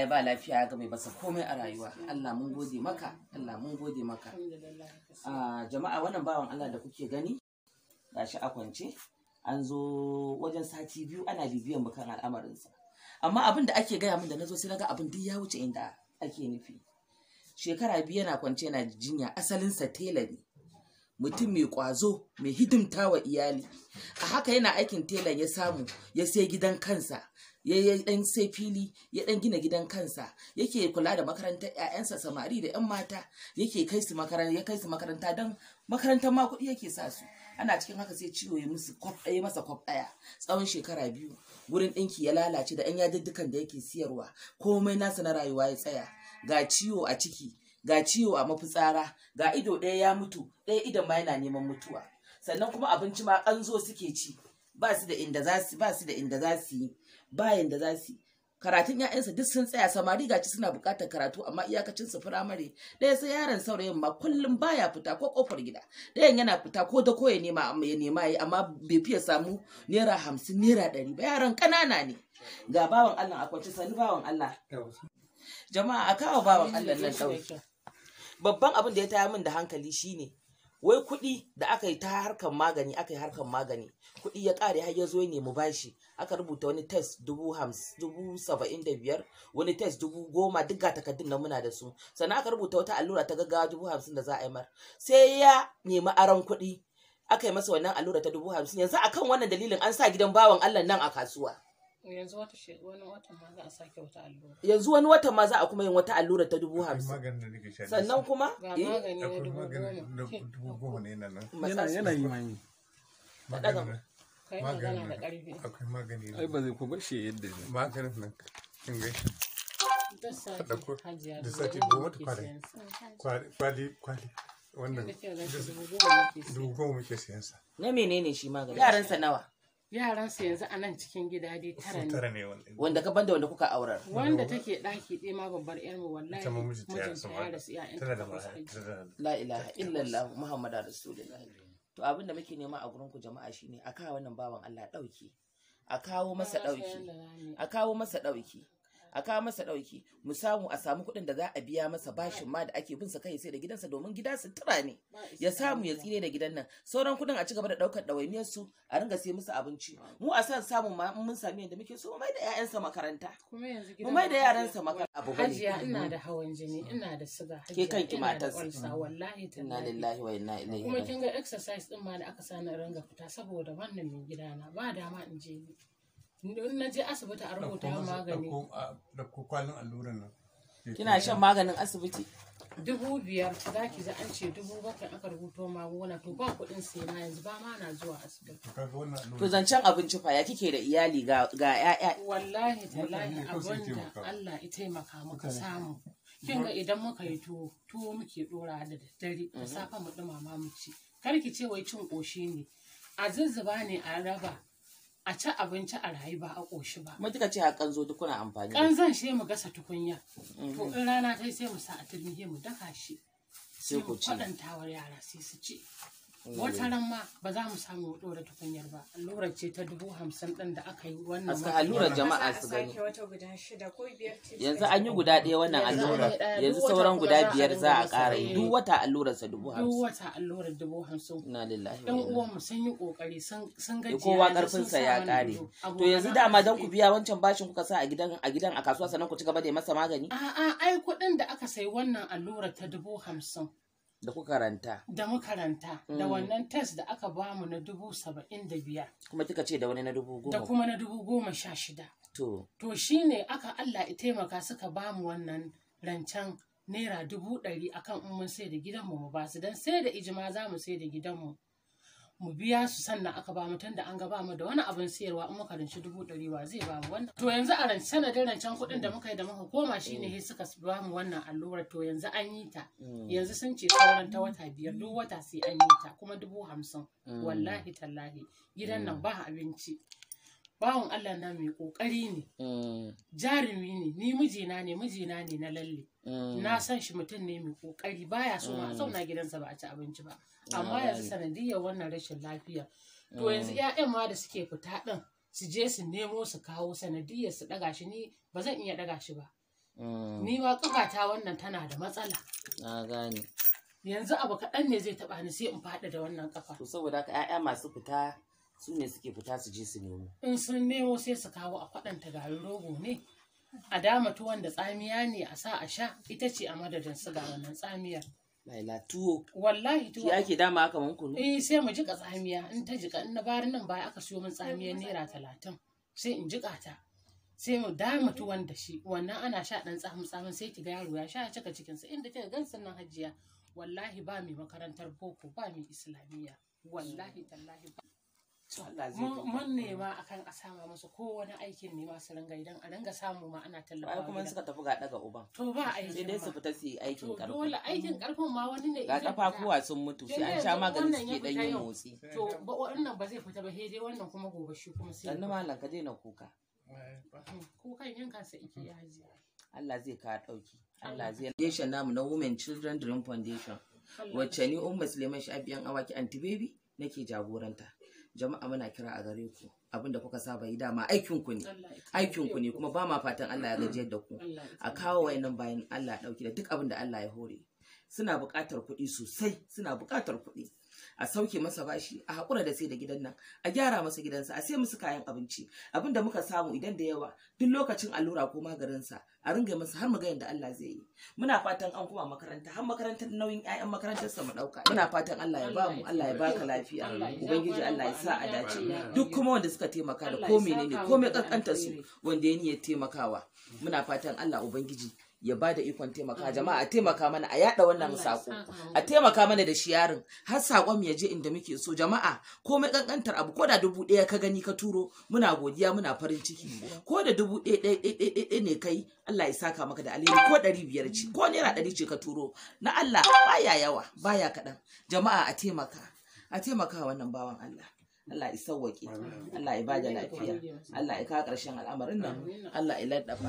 ya ba lafiya ya mai masa komai a rayuwa Allah mun gode maka Allah mun gode maka ah, jama'a wannan bawan Allah da kuke gani gashi a kwance an zo wajen sati biyu ana bibiyan bukan sa amma abin da ake gaya min da nazo sai naga abin duk ya wuce inda ake nufi shekara biyu yana kwance yana jinya asalinsa tela ne mutum mai kwazo mai hidimta wa iyali a haka yana aikin tela ya samu ya sai gidan kansa ya dan sai fili ya dan gina gidan kansa yake kula da makarantar 'ya'yansa samari da 'yan mata yake kai su makaranta ya kai su makaranta dan makarantar ma kuɗi yake sa su ana cikin haka sai ciwo ya musu kwaf masa kwaf ɗaya tsawon shekara biyu gurin ɗinki ya lalace da ƴan yaduddukan da yake siyarwa komai nasa na rayuwa ya tsaya ga ciwo a ciki ga ciwo a mafitsara ga ido ɗaya ya mutu ɗaya idon ma yana neman mutuwa sannan kuma abinci ma ƙanzo suke ci ba su da inda za ba su da inda za su yi bayan da za su yi karatun ‘ya'yansa duk sun tsaya samari gaci suna buƙatar karatu amma iyakacin su firamare ɗaya sai yaron saurayin ma kullum baya fita ko ƙofar gida ɗayan yana fita ko da ko ya nema ya nema yi amma bai fiye samu naira hamsin naira ɗari ba yaron ƙanana ne ga bawan Allah akwai sani bawan Allah jama'a a kawo bawan Allah nan ɗauki babban abin da ya taya min da hankali shine wai kuɗi da aka yi ta harkar magani aka yi harkar magani kuɗi ya ƙare har ya zo ne mu bashi aka rubuta wani test dubu dubu saba'in da biyar wani test dubu goma duk ga takardun nan muna da su sannan aka rubuta wata allura ta gaggawa dubu hamsin da za a yi mar sai ya nemi aron kuɗi aka yi masa wannan allura ta dubu hamsin yanzu akan wannan dalilin an sa gidan bawan allah nan a kasuwa yanzu wani watan ma za a kuma yin wata allura ta dubu hamsin sannan kuma akwai magani ai ba zai kuma shi yadda ne maganin nan kin ga shi da ko da sati goma ta kwali kwali kwali wannan dubu goma muke siyan sa na menene shi magani yaran nawa su yanzu a nan cikin gida dai tara ne wanda ka banda wanda kuka aurar wanda take daki ɗaya ma babbar yar mu wallahi ta mamiji ta ya rasu ƴaƴan ta da la ilaha illallah muhammadu rasulullah to abin da muke nema a gurin ku jama'a shine a kawo wannan bawan Allah dauki a kawo masa dauki a kawo masa dauki a kawo masa ɗauki mu samu a samu kuɗin da za a biya masa bashin ma da ake bin sa kai sai da gidansa domin gida sutura ne ya samu ya tsire da gidan nan sauran kuɗin a cigaba da ɗaukar ɗawainiyar su a ringa sai musu abinci mu a san samun ma mun sami yadda muke so mu mai da ƴaƴansa makaranta mu mai da yaransa makaranta abu bane hajiya mm-hmm. ina da hawan jini ina da suga ke kanki matar mm-hmm. wallahi inna lillahi wa inna ilaihi kuma kin ga exercise din ma da aka sani ringa fita saboda wannan mai gidana ba dama in je ni na je asibiti a rubuta magani kina shan maganin asibiti dubu biyar za ki za an ce dubu bakwai aka rubuta magunguna to ba kuɗin sai na yanzu ba ma na zuwa asibiti to zancen abinci fa ya kike da iyali ga ga ƴaƴa wallahi tallahi abinda Allah ya taimaka muka samu kin ga idan muka yi tuwo tuwo muke dora da daddare da mhm. safa mu dumama mu ci kar ki ce wai cin koshi ne a zuzzuba ne a raba a ci abinci a rayu ba a ƙoshi ba. ka ce a kanzo duk kuna amfani. zan shi mu gasa tukunya. Mhm. To in rana ta sai mu sa a turmi mu daka shi. Sai mu kwaɗantawar yara sai su ci. wata ran ma ba za mu samu ɗora tukunyar ba allurar ce ta dubu hamsin ɗin da aka yi wannan aska allurar jama'a su gani yanzu an yi guda ɗaya wannan allurar yanzu sauran guda biyar za a ƙara yi duk wata allurar sa dubu hamsin duk wata allurar dubu hamsin na lillahi dan uwan mu sun yi kokari sun gaji eh, kowa karfin sa ya ƙare to yanzu dama dan ku biya wancan bashin kuka sa a gidan a gidan a kasuwa sannan ku ci gaba da masa magani a'a ai kuɗin da aka sayi wannan allurar ta dubu hamsin da ku karanta da makaranta da mm. wannan test da aka bamu na dubu saba'in da biyar kuma kika ce da wani na dubu da kuma na dubu goma sha shida to to ne aka Allah ya taimaka suka bamu wannan rancen naira dubu ɗari akan in mun sai da gidanmu mu ba su dan sai da ijima za mu sai da gidanmu mu biya su sannan aka ba mu da an ga ba mu da wani abin siyarwa in muka ranci dubu ɗari wa zai ba mu wannan to yanzu a ranci sanadin rancen kuɗin da muka yi da muka koma shine sai mm. suka ba mu wannan allurar to yanzu an yi ta mm. yanzu sun ce sauran ta wata biyar duk wata sai an yi ta kuma dubu hamsin mm. wallahi tallahi gidan nan ba abinci bawan Allah na mai kokari ne mm. jarumi ne ni mijina ne mijina ne na lalle mm. na san shi mutum ne mai kokari baya so ma mm. zauna gidansa ba a ci abinci ba amma yanzu sanadiyar wannan rashin lafiya to yanzu ƴaƴan ma da suke fita din su je su nemo su kawo sanadiyar su daga shi ni ba zan iya daga shi ba ni ma kafata wannan tana da matsala na gane yanzu abu kaɗan ne zai taɓa ni sai in faɗi da wannan kafa to saboda ka ƴaƴa masu fita su ne suke fita su je su nemo in sun nemo sai su kawo a kwaɗanta garin rogo ne a dama tuwon da tsamiya ne a sa a sha ita ce a madadin ga wannan tsamiyar Laila tuwo. Wallahi tuwo. Yake dama haka mun kunu. Eh sai mu jika tsamiya in ta jika in na bari nan baya aka siyo min tsamiyar naira talatin sai in jika ta. Sai mu dama tuwon da shi wannan ana sha dan tsamin tsamin sai kiga yaro ya sha cika cikin sa inda kika gan sannan hajiya wallahi ba mai makarantar boko ba mai islamiyya wallahi tallahi mun nema mm. akan a sama musu kowane aikin nema su ringa idan a ringa samu ma ana tallafa ai kuma suka tafi ga daga uban to ba aikin sai dai su fita su yi aikin To dole aikin karfin mm. ma wani ne ga kuwa sun mutu sai an sha maganin suke dan yin motsi to ba wannan ba zai fita ba he dai wannan kuma gobe shi kuma sai dan malam ka daina kuka mm, kukan yankan sa ike ya haji Allah zai ka dauki Allah zai foundation namu na Women Children Dream Foundation wacce ni Umma Suleiman Shabiyan Awaki Anti Baby nake jagoranta jama'a muna kira a gare ku abin da kuka saba yi dama aikin ku ne aikin ne kuma ba ma fatan Allah ya gajiyar da ku a kawo wayannan bayan Allah ya dauki da duk abin da Allah ya hore suna bukatar kuɗi sosai suna bukatar kuɗi a sauke masa bashi a haƙura da sai da gidan nan a gyara masa gidansa a sai musu kayan abinci abin da muka samu idan da yawa duk lokacin allura ko maganinsa a ringa masa har mu ga Allah zai yi muna fatan an kuma makaranta har makarantar nauyin ƴaƴan makarantar sa mu dauka muna fatan Allah ya ba mu Allah ya baka lafiya ubangiji Allah ya sa a dace duk kuma wanda suka taimaka da ko menene ko me kankanta su wanda ya niyyar taimakawa muna fatan Allah ubangiji ya ba da ikon taimaka jama'a a taimaka mana a yada wannan sako a taimaka mana da shi yarin har sakon ya je inda muke so jama'a komai kankantar abu ko da dubu ɗaya ka gani ka turo muna godiya muna farin ciki ko da dubu ɗaya ne kai Allah ya saka maka da alheri ko ɗari biyar ce ko naira ɗari ce ka turo na Allah baya yawa baya kaɗan jama'a a taimaka a taimaka wannan bawan Allah Allah ya sauwaƙe Allah ya bada lafiya Allah ya kawo ƙarshen al'amarin nan Allah ya laddafa